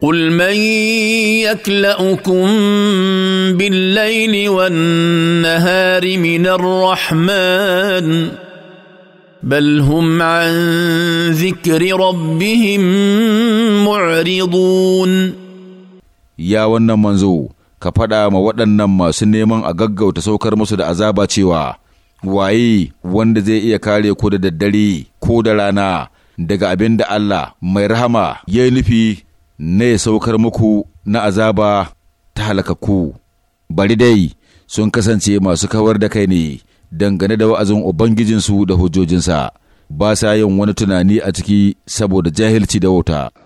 قل من يكلاكم بالليل والنهار من الرحمن بل هم عن ذكر ربهم معرضون يا wannan manzo ka faɗa ma waɗannan masu neman a gaggauta saukar musu da azaba cewa waye wanda zai iya kare ku da daddare ko da rana daga abin da Allah mai rahama ya nufi ne saukar muku na azaba ta halakakku, bari dai sun kasance masu kawar da kai ne dangane da wa'azin Ubangijinsu da hujjojinsa, ba sa yin wani tunani a ciki saboda jahilci da wuta